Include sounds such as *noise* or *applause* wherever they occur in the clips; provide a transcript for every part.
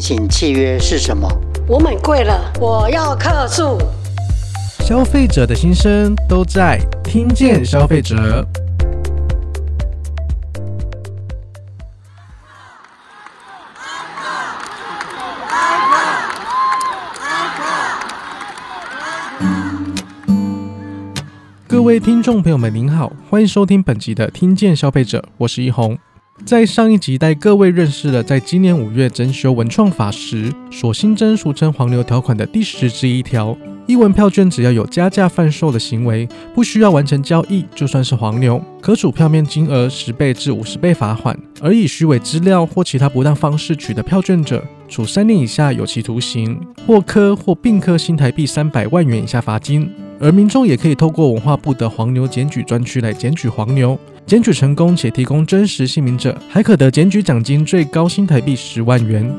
請契約是什麼？我買貴了，我要客訴。消費者的心聲都在聽見消費者、啊啊啊啊啊啊。各位聽眾朋友們，您好，歡迎收聽本集的聽見消費者，我是一紅。在上一集帶各位認識了，在今年五月整修文創法時所新增、俗稱“黃牛”條款的第十之一條，藝文票券只要有加價販售的行為，不需要完成交易，就算是黃牛，可處票面金額十倍至五十倍罰款，而以虛偽資料或其他不當方式取得票券者，處三年以下有期徒刑，或科或併科新台幣三百萬元以下罰金。而民眾也可以透過文化部的黃牛檢舉專區來檢舉黃牛，檢舉成功且提供真實姓名者，還可得檢舉獎金，最高新台幣十萬元。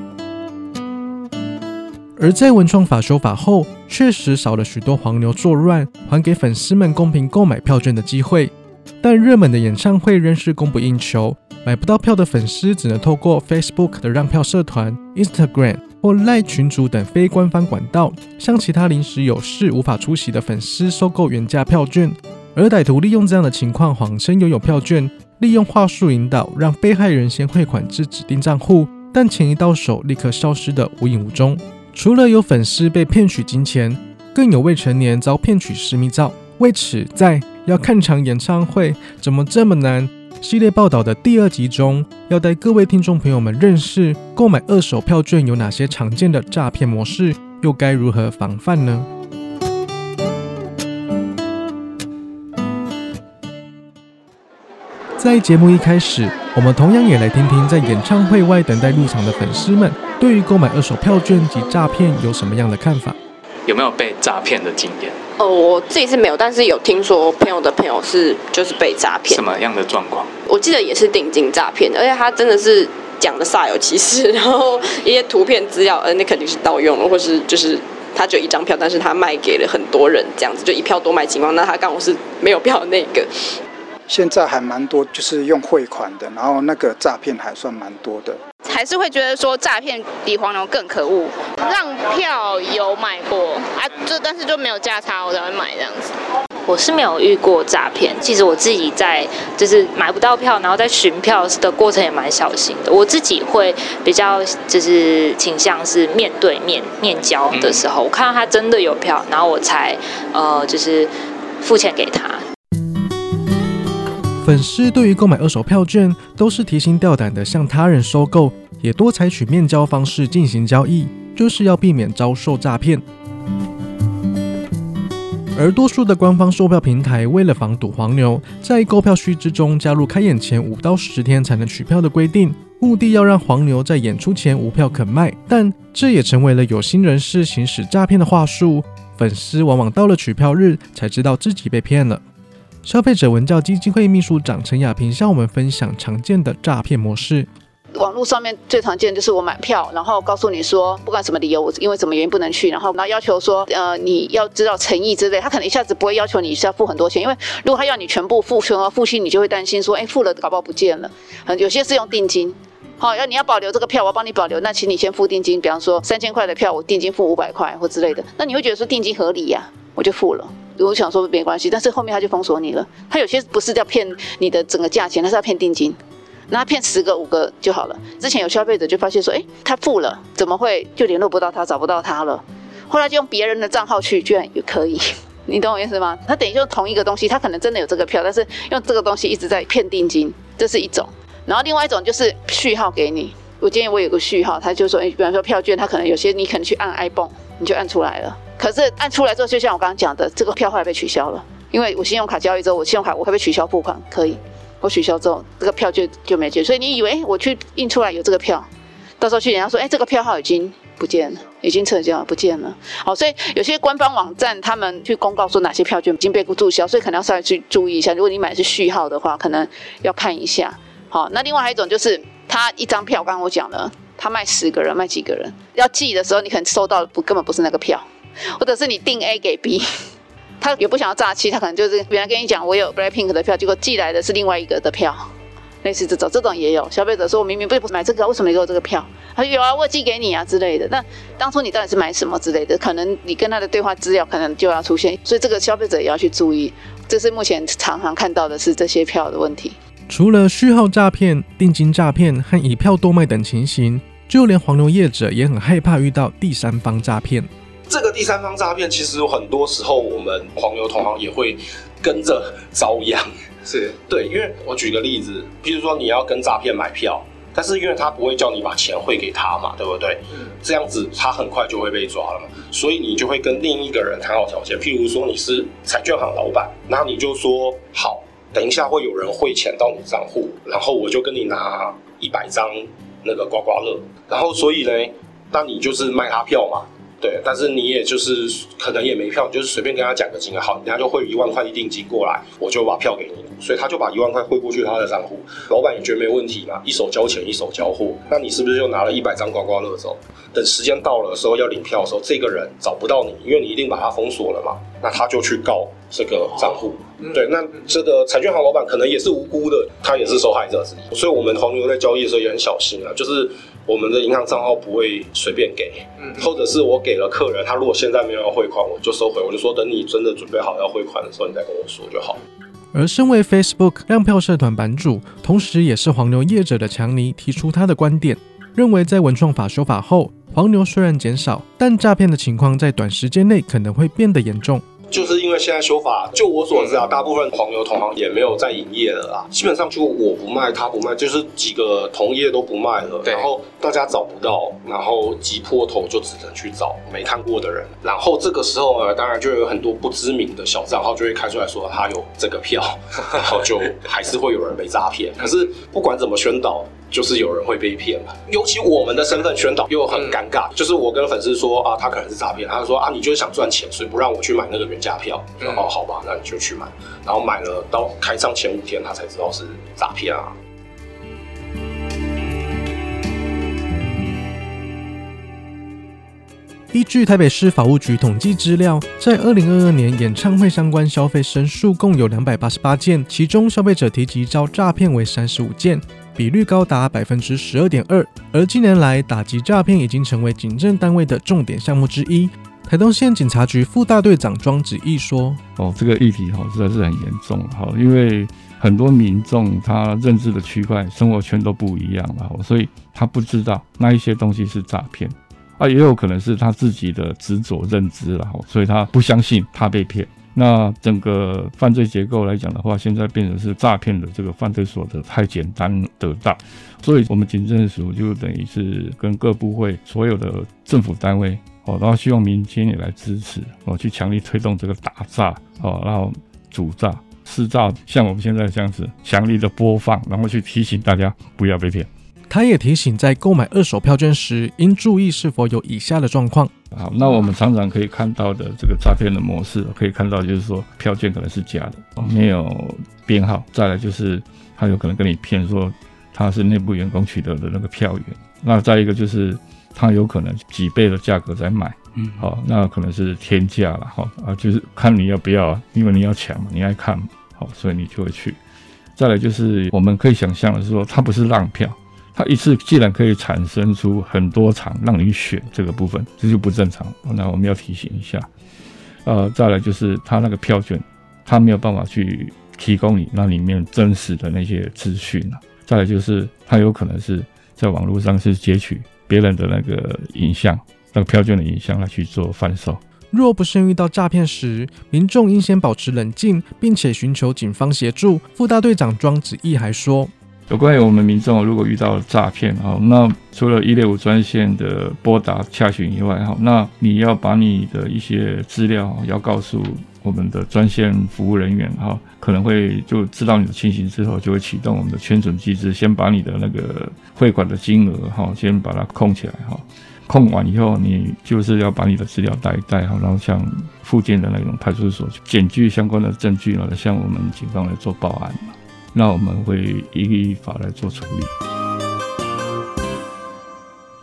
而在文創法修法後，確實少了許多黃牛作亂，還給粉絲們公平購買票券的機會。但熱門的演唱會仍是供不應求。買不到票的粉絲只能透過 Facebook 的讓票社團、Instagram 或 LINE 群組等非官方管道，向其他臨時有事無法出席的粉絲收購原價票券。而歹徒利用這樣的情況，謊稱擁有票券，利用話術引導讓被害人先匯款至指定賬戶，但錢一到手立刻消失得無影無蹤。除了有粉絲被騙取金錢，更有未成年遭騙取私密照。為此在，在要看場演唱會怎麼這麼難？系列報道的第二集中，要帶各位聽眾朋友們認識購買二手票券有哪些常見的詐騙模式，又該如何防範呢？在節目一開始，我們同樣也來聽聽在演唱會外等待入場的粉絲們對於購買二手票券及詐騙有什麼樣的看法？有沒有被詐騙的經驗？哦，我自己是沒有，但是有聽說朋友的朋友是就是被詐騙。什麼樣的狀況？我記得也是定金詐騙的，而且他真的是講的煞有其事，然後一些圖片資料，呃，那肯定是盜用了，或是就是他只有一張票，但是他賣給了很多人，這樣子就一票多賣情況，那他剛好是沒有票的那個。現在還蠻多，就是用匯款的，然後那個詐騙還算蠻多的。還是會覺得說詐騙比黃牛更可惡。讓票有買過啊，就但是就沒有價差，我才會買這樣子。我是沒有遇過詐騙。其實我自己在就是買不到票，然後在尋票的過程也蠻小心的。我自己會比較就是傾向是面對面面交的時候，嗯，我看到他真的有票，然後我才呃就是付錢給他。粉絲對於購買二手票券都是提心吊膽的，向他人收購，也多採取面交方式進行交易，就是要避免遭受詐騙。而多數的官方售票平台為了防堵黃牛，在購票須知中加入開演前五到十天才能取票的規定，目的要讓黃牛在演出前無票可賣。但這也成為了有心人士行使詐騙的話術，粉絲往往到了取票日才知道自己被騙了。消費者文教基金會秘書長陳雅萍向我們分享常見的詐騙模式。網絡上面最常見就是我買票，然後告訴你說不管什麼理由，我因為什麼原因不能去，然後那要求說，呃，你要知道誠意之類。他可能一下子不會要求你一下付很多錢，因為如果他要你全部付清，付清你就會擔心說，誒、欸，付了搞不好不見了。有些是用定金，好，要你要保留這個票，我幫你保留，那請你先付定金。比方說三千塊的票，我定金付五百塊或之類的，那你會覺得說定金合理呀、啊，我就付了。我想說沒關係，但是後面他就封鎖你了。他有些不是要騙你的整個價錢，他是要騙定金，那他騙十個五個就好了。之前有消費者就發現說，誒、欸，他付了，怎麼會就聯絡不到他，找不到他了？後來就用別人的賬號去，券也可以，你懂我意思嗎？他等於就同一個東西，他可能真的有這個票，但是用這個東西一直在騙定金，這是一種。然後另外一種就是序號給你，我建議我有個序號，他就說，誒、欸，比方說票券，他可能有些你可能去按 ibon 你就按出來了，可是按出來之後，就像我剛剛講的，這個票後來被取消了，因為我信用卡交易之後，我信用卡我會被取消付款，可以，我取消之後，這個票券就沒見，所以你以為我去印出來有這個票，到時候去人家說，誒、欸，這個票號已經不見了，已經撤銷了不見了，好，所以有些官方網站他們去公告說哪些票券已經被注銷，所以可能要稍微去注意一下，如果你買的是序號的話，可能要看一下，好，那另外還有一種就是他一張票，剛剛我講了。他賣十個人賣幾個人？要寄的時候，你可能收到的不根本不是那個票，或者是你定 A 給 B，他也不想要詐欺，他可能就是原來跟你講我有 BLACKPINK 的票，結果寄來的是另外一個的票，類似這種，這種也有消費者說我明明不是買這個，為什麼給我這個票？他說有啊，我寄給你啊之類的。那當初你到底是買什麼之類的？可能你跟他的對話資料可能就要出現，所以這個消費者也要去注意。這是目前常常看到的是這些票的問題。除了序號詐騙、定金詐騙和以票多賣等情形，就連黃牛業者也很害怕遇到第三方詐騙。這個第三方詐騙，其實有很多時候我們黃牛同行也會跟着遭殃。是對，因為我舉個例子，譬如說你要跟詐騙買票，但是因為他不會叫你把錢匯給他嘛，對不對？嗯、這樣子他很快就會被抓了嘛，所以你就會跟另一個人談好條件。譬如說你是彩券行老闆，然後你就說好。等一下會有人匯錢到你賬戶，然後我就跟你拿一百張那個刮刮樂，然後所以呢，那你就是賣他票嘛。對，但是你也就是可能也沒票，你就是隨便跟他講個金額，好，人家就匯一萬塊定金過來，我就把票給你，所以他就把一萬塊匯過去他的賬戶。嗯，老板也覺得沒問題嘛，一手交錢一手交貨，那你是不是就拿了一百張刮刮樂走？等時間到了時候要領票的時候，這個人找不到你，因為你一定把他封鎖了嘛，那他就去告這個賬戶，嗯、對，那這個彩券行老板可能也是無辜的，他也是受害者之一，所以我們黃牛在交易的時候也很小心啊，就是。我們的銀行賬號不會隨便給，嗯，或者是我給了客人，他如果現在沒有要匯款，我就收回，我就說等你真的準備好要匯款的時候，你再跟我說就好。而身為 Facebook 讓票社團版主，同時也是黃牛業者的強尼提出他的觀點，認為在文創法修法後，黃牛雖然減少，但詐騙的情況在短時間內可能會變得嚴重。就是因為現在修法，就我所知啊、嗯，大部分黃牛同行也沒有在營業了啦。基本上就我不賣，他不賣，就是幾個同業都不賣了。然後大家找不到，然後擠破頭就只能去找沒看過的人。然後這個時候呢，當然就有很多不知名的小賬號就會開出來說他有這個票，然後就還是會有人被詐騙。可 *laughs* 是不管怎麼宣導。就是有人會被騙嘛，尤其我們的身份宣導又很尷尬，嗯。就是我跟粉絲說啊，他可能是詐騙，他就說啊，你就想賺錢，所以不讓我去買那個原價票。哦，嗯，好吧，那你就去買。然後買了到開唱前五天，他才知道是詐騙啊。依據台北市法務局統計資料，在二零二二年演唱會相關消費申訴共有兩百八十八件，其中消費者提及遭詐騙為三十五件。比率高達百分之十二點二，而近年來打擊詐騙已經成為警政單位的重點項目之一。台東縣警察局副大隊長莊子毅說：“哦，這個議題吼實在是很嚴重，吼，因為很多民眾他認知的區塊、生活圈都不一樣了，所以他不知道那一些東西是詐騙，啊，也有可能是他自己的執着認知了，所以他不相信他被騙。”那整個犯罪結構來講的話，現在變成是詐騙的這個犯罪所得太簡單得到，所以我們警政署就等於是跟各部會所有的政府單位哦，然後希望民間也來支持哦，去強力推動這個打詐哦，然後阻詐、施詐，像我們現在這樣子強力的播放，然後去提醒大家不要被騙。他也提醒，在購買二手票券時，應注意是否有以下的狀況。好，那我們常常可以看到的這個詐騙的模式，可以看到就是說票券，可能是假的，沒有編號；再來就是他有可能跟你騙說他是內部員工取得的那個票源，那再一個就是他有可能幾倍的價格在買，嗯，好、哦，那可能是天價了，哈、哦、啊，就是看你要不要，因為你要搶嘛，你愛看嘛，好、哦，所以你就會去；再來就是我們可以想象的是說他不是讓票。他一次既然可以產生出很多場讓你選這個部分，這就不正常。那我們要提醒一下，呃，再來就是他那個票券，他沒有辦法去提供你那裡面真實的那些資訊啊。再來就是他有可能是在網絡上是截取別人的那個影像，那個票券的影像來去做販售。若不慎遇到詐騙時，民眾應先保持冷靜，並且尋求警方協助。副大隊長莊子毅還說。有關於我們民眾如果遇到詐騙，哈，那除了165專線的撥打洽詢以外，哈，那你要把你的一些資料要告訴我們的專線服務人員，哈，可能會就知道你的情形之後，就會啟動我們的圈存機制，先把你的那個匯款的金額，哈，先把它控起來，哈，控完以後，你就是要把你的資料帶一帶，哈，然後向附近的那種派出所去檢具相關的證據，然後向我們警方來做報案。那我們會一法來做處理。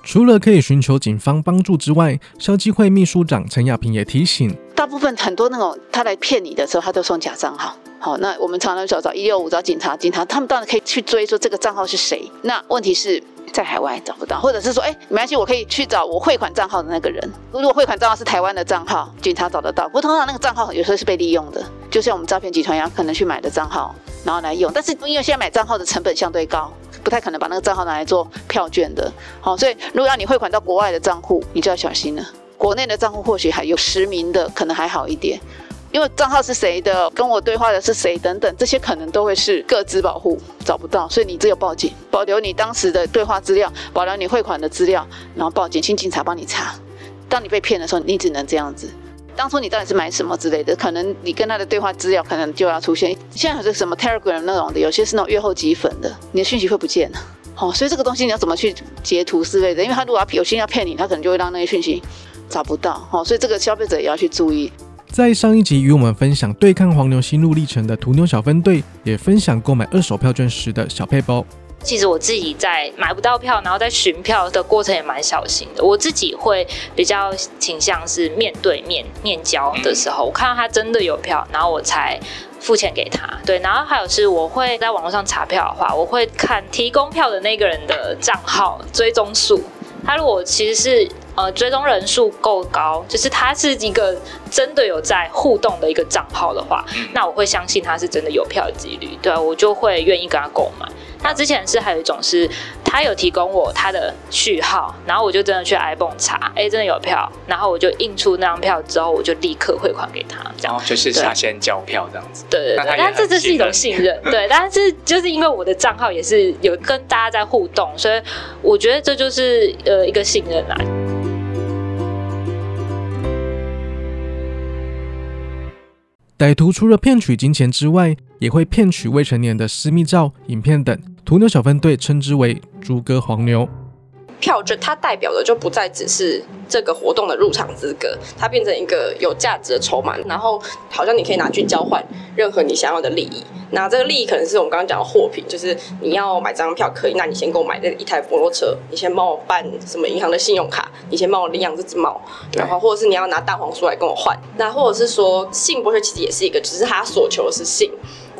除了可以尋求警方幫助之外，消基會秘書長陳亞平也提醒，大部分很多那種他來騙你的時候，他就送假賬號。好，那我們常常找找一六五找警察，警察他們當然可以去追說這個賬號是誰。那問題是在海外找不到，或者是說，哎、欸，沒關係，我可以去找我匯款賬號的那個人。如果匯款賬號是台灣的賬號，警察找得到。不過通常那個賬號有時候是被利用的，就像我們詐騙集團一樣，可能去買的賬號。然後來用，但是因為現在買賬號的成本相對高，不太可能把那個賬號拿來做票券的。好、哦，所以如果要你匯款到國外的賬戶，你就要小心了。國內的賬戶或許還有實名的，可能還好一點。因為賬號是誰的，跟我對話的是誰等等，這些可能都會是個資保護，找不到，所以你只有報警，保留你當時的對話資料，保留你匯款的資料，然後報警，請警察幫你查。當你被騙的時候，你只能這樣子。當初你到底是買什麼之類的，可能你跟他的對話資料可能就要出現。現在還是什麼 Telegram 那種的，有些是那種閱後即焚的，你的訊息會不見、哦、所以這個東西你要怎麼去截圖之類的，因為他如果要有心要騙你，他可能就會讓那些訊息找不到、哦。所以這個消費者也要去注意。在上一集與我們分享對抗黃牛心路歷程的途牛小分隊，也分享購買二手票券時的小配包。其實我自己在買不到票，然後在尋票的過程也蠻小心的。我自己會比較傾向是面對面面交的時候，我看到他真的有票，然後我才付錢給他。對，然後還有是，我會在網絡上查票的話，我會看提供票的那個人的賬號追蹤數。他如果其實是呃追蹤人數夠高，就是他是一個真的有在互動的一個賬號的話，那我會相信他是真的有票的幾率。對，我就會願意跟他購買。那之前是還有一種是，他有提供我他的序號，然後我就真的去 ibon 查，哎、欸，真的有票，然後我就印出那張票之後，我就立刻匯款給他，然後、哦、就是他先交票這樣子。對，但對，對。但是這是一種信任， *laughs* 對。但是就是因為我的賬號也是有跟大家在互動，所以我覺得這就是呃一個信任啊。歹徒除了騙取金錢之外，也會騙取未成年的私密照、影片等，途牛小分隊稱之為“豬哥黃牛”票。票券它代表的就不再只是這個活動的入場資格，它變成一個有價值的籌碼，然後好像你可以拿去交換任何你想要的利益。那這個利益可能是我們剛剛講的貨品，就是你要買張票，可以。那你先給我買那一台摩托車，你先幫我辦什麼銀行的信用卡，你先幫我領養這隻貓，然後或者是你要拿蛋黃酥來跟我換。那或者是說性剝削其實也是一個，只、就是他所求的是性。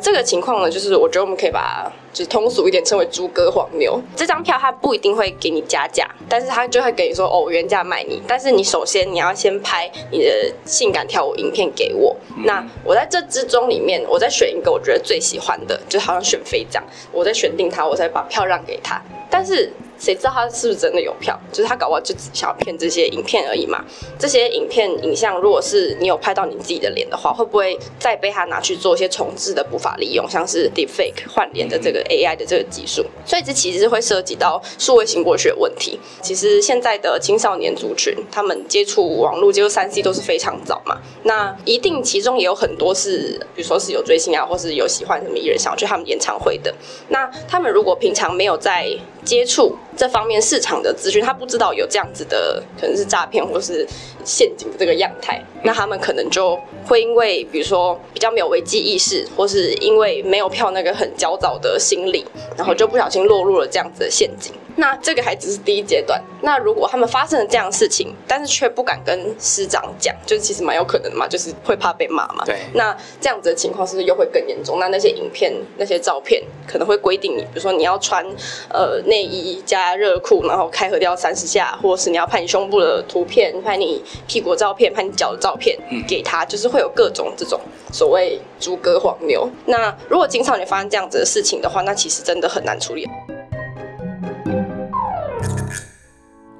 這個情況呢，就是我覺得我們可以把，就通俗一點稱為“豬哥黃牛”。這張票他不一定會給你加價，但是他就會給你說：“哦，原價賣你。”但是你首先你要先拍你的性感跳舞影片給我。嗯。那我在這之中裡面，我再選一個我覺得最喜歡的，就好像選妃這樣，我再選定他，我再把票讓給他。但是。誰知道他是不是真的有票？就是他搞不好就只想要騙這些影片而已嘛。這些影片影像，如果是你有拍到你自己的臉的話，會不會再被他拿去做一些重製的不法利用，像是 deepfake 換臉的這個 AI 的這個技術？所以這其實是會涉及到數位性剝削問題。其實現在的青少年族群，他們接觸網絡、接觸三 C 都是非常早嘛。那一定其中也有很多是，比如說是有追星啊，或是有喜歡什麼藝人想，想要去他們演唱會的。那他們如果平常沒有在接觸。這方面市場的資訊，他不知道有這樣子的，可能是詐騙或是陷阱的這個樣態，那他們可能就會因為，比如說比較沒有危機意識，或是因為沒有票那個很焦躁的心理，然後就不小心落入了這樣子的陷阱。那這個還只是第一階段。那如果他們發生了這樣的事情，但是卻不敢跟師長講，就是其實蠻有可能的嘛，就是會怕被罵嘛。對。那這樣子的情況是不是又會更嚴重？那那些影片、那些照片，可能會規定你，比如說你要穿呃內衣、加熱褲，然後開合跳三十下，或者是你要拍你胸部的圖片、拍你屁股的照片、拍你腳的照片給他，嗯、就是會有各種這種所謂諸葛黃牛。那如果經常你發生這樣子的事情的話，那其實真的很難處理。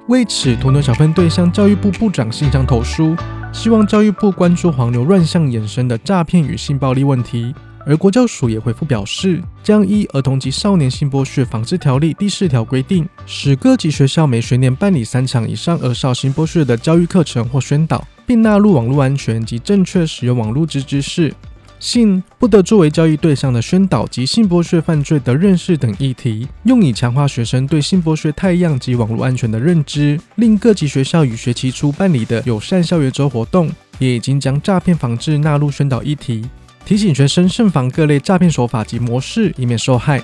為此，圖牛小分隊向教育部部長信箱投書，希望教育部關注黃牛亂象衍生的詐騙與性暴力問題。而國教署也回復表示，將依《兒童及少年性剝削防治條例》第四條規定，使各級學校每學年辦理三場以上兒少性剝削的教育課程或宣導，並納入網絡安全及正確使用網絡之知識。性不得作為交易對象的宣導及性剝削犯罪的認識等議題，用以強化學生對性剝削態樣及網絡安全的認知。另各級學校與學期初辦理的友善校園周活動，也已經將詐騙防治納入宣導議題，提醒學生慎防各類詐騙手法及模式，以免受害。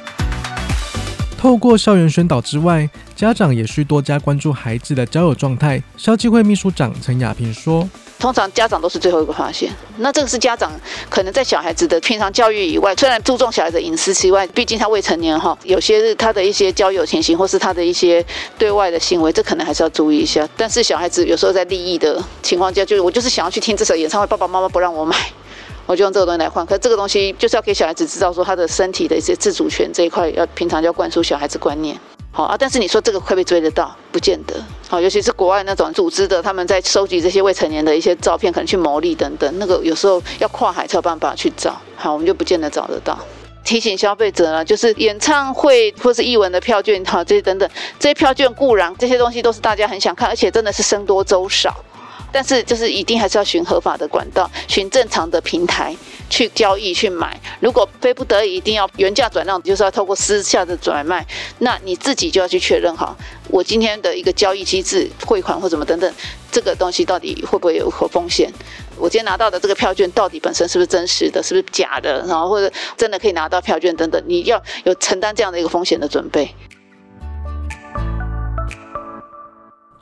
透過校園宣導之外，家長也需多加關注孩子的交友狀態。消基會秘書長陳雅萍說。通常家長都是最後一個發現。那這個是家長可能在小孩子的平常教育以外，雖然注重小孩子的隱私之外，畢竟他未成年哈，有些是他的一些交友情形，或是他的一些對外的行為，這可能還是要注意一下。但是小孩子有時候在利益的情況下，就是我就是想要去聽這場演唱會，爸爸媽媽不讓我買，我就用這個東西來換。可是這個東西就是要給小孩子知道說，他的身體的一些自主權這一塊，要平常就要灌輸小孩子觀念。好啊，但是你說這個會不會追得到，不見得。好，尤其是國外那種組織的，他們在收集這些未成年的一些照片，可能去牟利等等，那個有時候要跨海才有辦法去找。好，我們就不見得找得到。提醒消費者呢，就是演唱會或是藝文的票券，好這些等等，這些票券固然這些東西都是大家很想看，而且真的是僧多粥少。但是，就是一定還是要尋合法的管道，尋正常的平台去交易去買。如果非不得已，一定要原價轉讓，就是要透過私下的轉賣，那你自己就要去確認好，我今天的一個交易機制、匯款或什麼等等，這個東西到底會不會有何風險？我今天拿到的這個票券到底本身是不是真實的，是不是假的？然後或者真的可以拿到票券等等，你要有承擔這樣的一個風險的準備。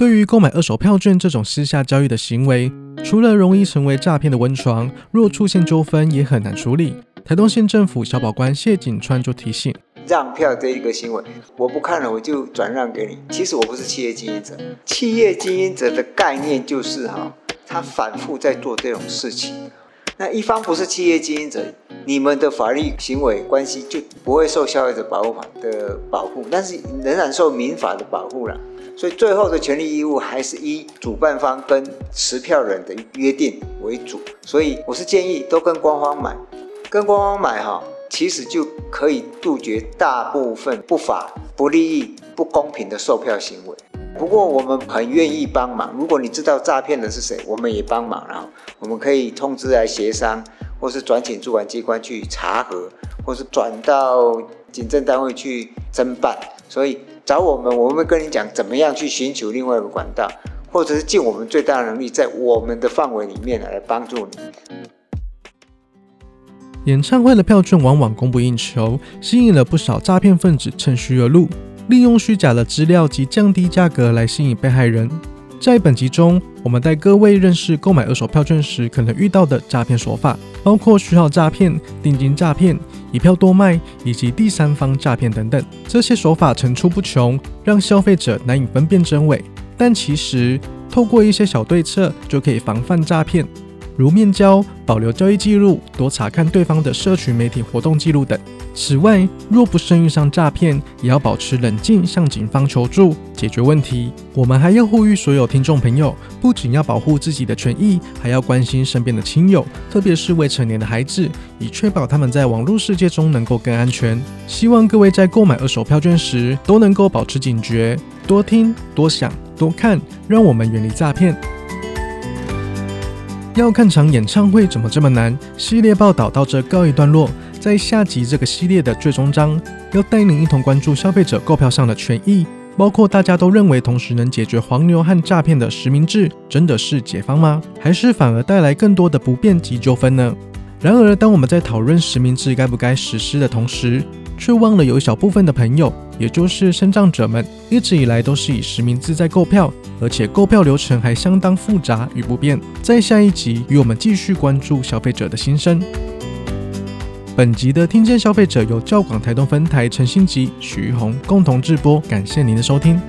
對於購買二手票券這種私下交易的行為，除了容易成為詐騙的溫床，若出現糾紛也很難處理。台東縣政府小保官謝景川就提醒：“讓票這一個行為，我不看了，我就轉讓給你。其實我不是企業經營者，企業經營者的概念就是哈，他反覆在做這種事情。”那一方不是企業經營者，你們的法律行為關係就不會受消費者保護法的保護，但是仍然受民法的保護啦。所以最後的權利義務還是以主辦方跟持票人的約定為主。所以我是建議都跟官方買，跟官方買哈，其實就可以杜絕大部分不法、不利益、不公平的售票行為。不過我們很願意幫忙。如果你知道詐騙的是誰，我們也幫忙啊。然後我們可以通知來協商，或是轉請主管機關去查核，或是轉到警政單位去偵辦。所以找我們，我們會跟你講怎麼樣去尋求另外一個管道，或者是盡我們最大能力，在我們的範圍裡面來幫助你。演唱會的票券往往供不應求，吸引了不少詐騙分子趁虛而入。利用虛假的資料及降低價格來吸引被害人。在本集中，我們帶各位認識購買二手票券時可能遇到的詐騙手法，包括虛號詐騙、定金詐騙、一票多賣以及第三方詐騙等等。這些手法層出不窮，讓消費者難以分辨真偽。但其實，透過一些小對策，就可以防範詐騙。如面交、保留交易記錄、多查看對方的社群媒體活動記錄等。此外，若不慎遇上詐騙，也要保持冷靜，向警方求助解決問題。我們還要呼籲所有聽眾朋友，不僅要保護自己的權益，還要關心身邊的親友，特別是未成年的孩子，以確保他們在網絡世界中能夠更安全。希望各位在購買二手票券時都能夠保持警覺，多聽、多想、多看，讓我們遠離詐騙。要看場演唱會怎麼這麼難？系列報道到這告一段落。在下集這個系列的最終章，要帶您一同關注消費者購票上的權益，包括大家都認為同時能解決黃牛和詐騙的實名制，真的是解方嗎？還是反而帶來更多的不便及糾紛呢？然而，當我們在討論實名制該不該實施的同時，卻忘了有一小部分的朋友，也就是身障者們，一直以來都是以實名制在購票，而且購票流程還相當複雜與不便。在下一集，與我們繼續關注消費者的心聲。本集的聽見消費者由教廣台東分台陳心吉、許玉紅共同制播，感謝您的收聽。